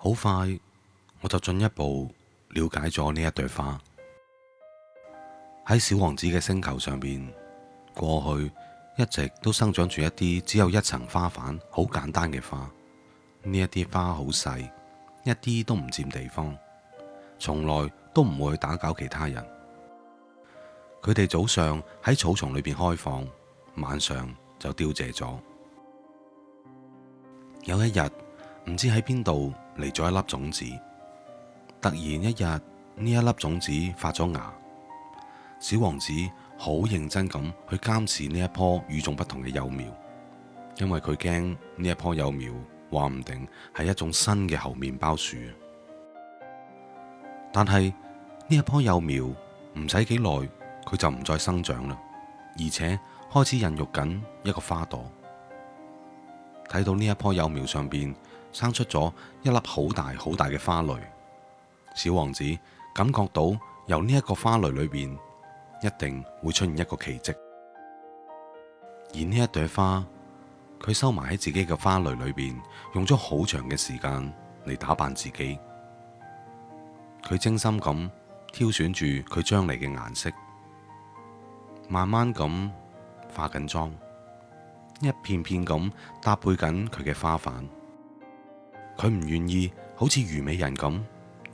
好快，我就進一步了解咗呢一朵花。喺小王子嘅星球上邊，過去一直都生長住一啲只有一層花瓣、好簡單嘅花。呢一啲花好細，一啲都唔佔地方，從來都唔會去打攪其他人。佢哋早上喺草叢裏邊開放，晚上就凋謝咗。有一日，唔知喺邊度，嚟咗一粒種子，突然一日呢一粒種子發咗芽，小王子好認真咁去監視呢一棵與眾不同嘅幼苗，因為佢驚呢一棵幼苗話唔定係一種新嘅猴麵包樹。但係呢一棵幼苗唔使幾耐，佢就唔再生長啦，而且開始孕育緊一個花朵。睇到呢一棵幼苗上面，生出咗一粒好大好大嘅花蕾，小王子感覺到由呢一個花蕾裏邊，一定會出現一個奇蹟。而呢一朵花，佢收埋喺自己嘅花蕾裏邊，用咗好長嘅時間嚟打扮自己。佢精心咁挑選住佢將來嘅顏色，慢慢咁化緊妝，一片片咁搭配緊佢嘅花瓣。佢唔願意好似虞美人咁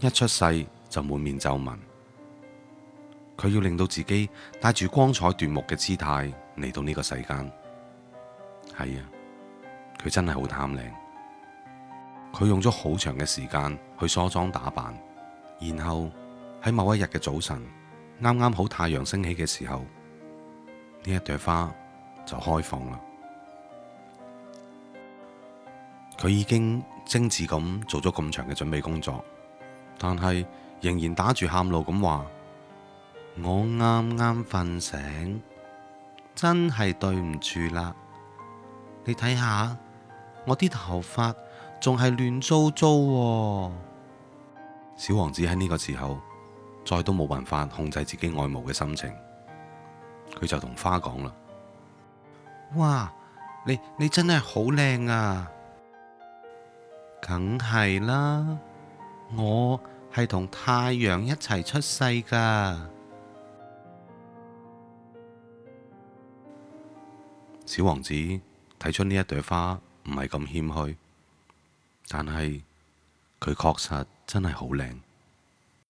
一出世就滿面皺紋，佢要令到自己帶住光彩奪目嘅姿態嚟到呢個世間。係啊，佢真係好貪靚，佢用咗好長嘅時間去梳妝打扮，然後喺某一日嘅早晨，啱啱好太陽升起嘅時候，呢一朵花就開放啦。佢已經。精緻咁做咗咁長嘅準備工作，但係仍然打住喊路咁話：我啱啱瞓醒，真係對唔住啦！你睇下，我啲頭髮仲係亂糟糟啊。小王子喺呢個時候再都冇辦法控制自己愛慕嘅心情，佢就同花講啦：哇，你你真係好靚啊！梗係啦，我係同太陽一齊出世㗎。小王子睇出呢一朵花唔係咁謙虛，但係佢確實真係好靚。